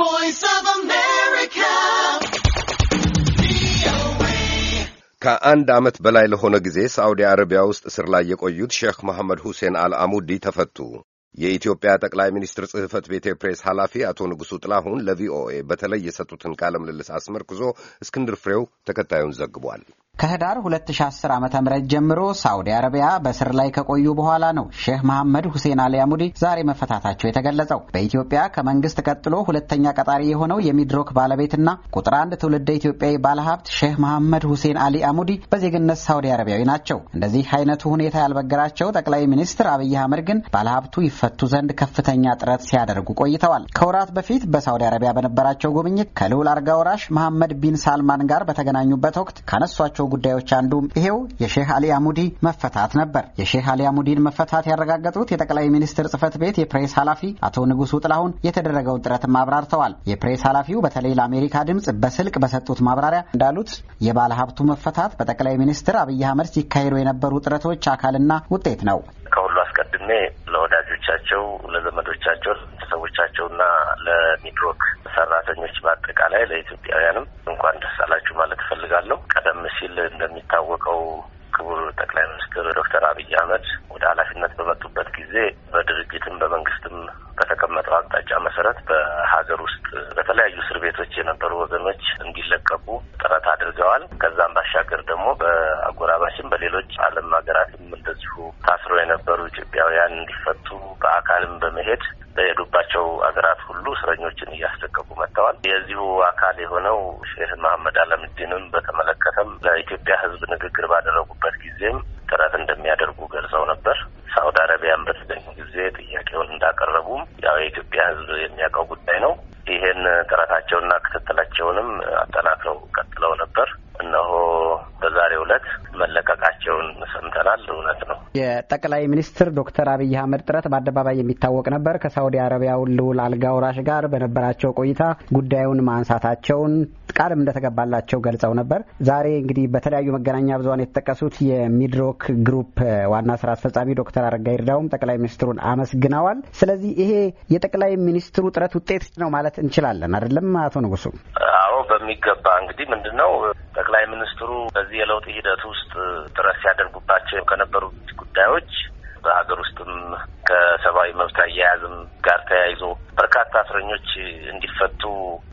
voice of America. ከአንድ ዓመት በላይ ለሆነ ጊዜ ሳዑዲ አረቢያ ውስጥ እስር ላይ የቆዩት ሼክ መሐመድ ሁሴን አልአሙዲ ተፈቱ። የኢትዮጵያ ጠቅላይ ሚኒስትር ጽሕፈት ቤት የፕሬስ ኃላፊ አቶ ንጉሡ ጥላሁን ለቪኦኤ በተለይ የሰጡትን ቃለ ምልልስ አስመርክዞ እስክንድር ፍሬው ተከታዩን ዘግቧል። ከህዳር 2010 ዓ ም ጀምሮ ሳውዲ አረቢያ በስር ላይ ከቆዩ በኋላ ነው ሼህ መሐመድ ሁሴን አሊ አሙዲ ዛሬ መፈታታቸው የተገለጸው። በኢትዮጵያ ከመንግስት ቀጥሎ ሁለተኛ ቀጣሪ የሆነው የሚድሮክ ባለቤትና ቁጥር አንድ ትውልደ ኢትዮጵያዊ ባለሀብት ሼህ መሐመድ ሁሴን አሊ አሙዲ በዜግነት ሳውዲ አረቢያዊ ናቸው። እንደዚህ አይነቱ ሁኔታ ያልበገራቸው ጠቅላይ ሚኒስትር አብይ አህመድ ግን ባለሀብቱ ይፈቱ ዘንድ ከፍተኛ ጥረት ሲያደርጉ ቆይተዋል። ከወራት በፊት በሳዑዲ አረቢያ በነበራቸው ጉብኝት ከልዑል አልጋ ወራሽ መሐመድ ቢን ሳልማን ጋር በተገናኙበት ወቅት ካነሷቸው ከጠቀሷቸው ጉዳዮች አንዱ ይሄው የሼህ አሊ አሙዲ መፈታት ነበር። የሼህ አሊ አሙዲን መፈታት ያረጋገጡት የጠቅላይ ሚኒስትር ጽህፈት ቤት የፕሬስ ኃላፊ አቶ ንጉሱ ጥላሁን የተደረገውን ጥረትም አብራርተዋል። የፕሬስ ኃላፊው በተለይ ለአሜሪካ ድምፅ በስልክ በሰጡት ማብራሪያ እንዳሉት የባለ ሀብቱ መፈታት በጠቅላይ ሚኒስትር አብይ አህመድ ሲካሄዱ የነበሩ ጥረቶች አካልና ውጤት ነው። ከሁሉ አስቀድሜ ለወዳጆቻቸው፣ ለዘመዶቻቸው፣ ለቤተሰቦቻቸውና ለሚድሮክ ሰራተኞች በአጠቃላይ ለኢትዮጵያውያንም እንኳን ደስ አላችሁ ማለት እፈልጋለሁ። ሲል እንደሚታወቀው ክቡር ጠቅላይ ሚኒስትር ዶክተር አብይ አህመድ ወደ ኃላፊነት በመጡበት ጊዜ በድርጅትም በመንግስትም በተቀመጠው አቅጣጫ መሰረት በሀገር ውስጥ በተለያዩ እስር ቤቶች የነበሩ ወገኖች እንዲለቀቁ ጥረት አድርገዋል። ከዛም ባሻገር ደግሞ በ በሀገራችን በሌሎች ዓለም ሀገራትም እንደዚሁ ታስረው የነበሩ ኢትዮጵያውያን እንዲፈቱ በአካልም በመሄድ በሄዱባቸው ሀገራት ሁሉ እስረኞችን እያስለቀቁ መጥተዋል። የዚሁ አካል የሆነው ሼህ መሀመድ አለምዲንም በተመለከተም ለኢትዮጵያ ሕዝብ ንግግር ባደረጉበት ጊዜም ጥረት እንደሚያደርጉ ገልጸው ነበር። ሳውዲ አረቢያን በተገኙ ጊዜ ጥያቄውን እንዳቀረቡም ያው የኢትዮጵያ ሕዝብ የሚያውቀው ጉዳይ ነው። ይቻላል። እውነት ነው። የጠቅላይ ሚኒስትር ዶክተር አብይ አህመድ ጥረት በአደባባይ የሚታወቅ ነበር። ከሳውዲ አረቢያው ልዑል ወራሽ ጋር በነበራቸው ቆይታ ጉዳዩን ማንሳታቸውን ቃልም እንደተገባላቸው ገልጸው ነበር። ዛሬ እንግዲህ በተለያዩ መገናኛ ብዙኃን የተጠቀሱት የሚድሮክ ግሩፕ ዋና ስራ አስፈጻሚ ዶክተር አረጋ ይርዳውም ጠቅላይ ሚኒስትሩን አመስግነዋል። ስለዚህ ይሄ የጠቅላይ ሚኒስትሩ ጥረት ውጤት ነው ማለት እንችላለን አይደለም? አቶ ንጉሱ? አዎ በሚገባ እንግዲህ ምንድን ነው ጠቅላይ ሚኒስትሩ በዚህ የለውጥ ሂደት ውስጥ ከነበሩት ጉዳዮች በሀገር ውስጥም ከሰብአዊ መብት አያያዝም ጋር ተያይዞ በርካታ እስረኞች እንዲፈቱ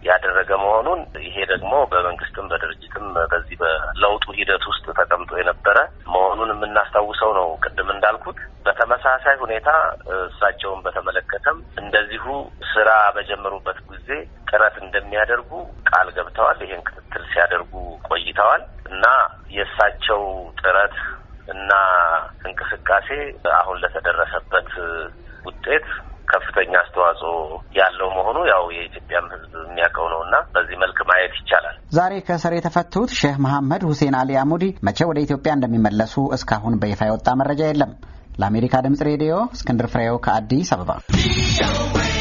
ያደረገ መሆኑን ይሄ ደግሞ በመንግስትም በድርጅትም በዚህ በለውጡ ሂደት ውስጥ ተቀምጦ የነበረ መሆኑን የምናስታውሰው ነው። ቅድም እንዳልኩት በተመሳሳይ ሁኔታ እሳቸውን በተመለከተም እንደዚሁ ስራ በጀመሩበት ጊዜ ጥረት እንደሚያደርጉ ቃል ገብተዋል። ይሄን ክትትል ሲያደርጉ ቆይተዋል እና የእሳቸው ጥረት እና እንቅስቃሴ አሁን ለተደረሰበት ውጤት ከፍተኛ አስተዋጽኦ ያለው መሆኑ ያው የኢትዮጵያም ሕዝብ የሚያውቀው ነው እና በዚህ መልክ ማየት ይቻላል። ዛሬ ከእስር የተፈቱት ሼህ መሐመድ ሁሴን አሊ አሙዲ መቼ ወደ ኢትዮጵያ እንደሚመለሱ እስካሁን በይፋ የወጣ መረጃ የለም። ለአሜሪካ ድምጽ ሬዲዮ እስክንድር ፍሬው ከአዲስ አበባ